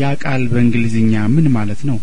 ያ ቃል በእንግሊዝኛ ምን ማለት ነው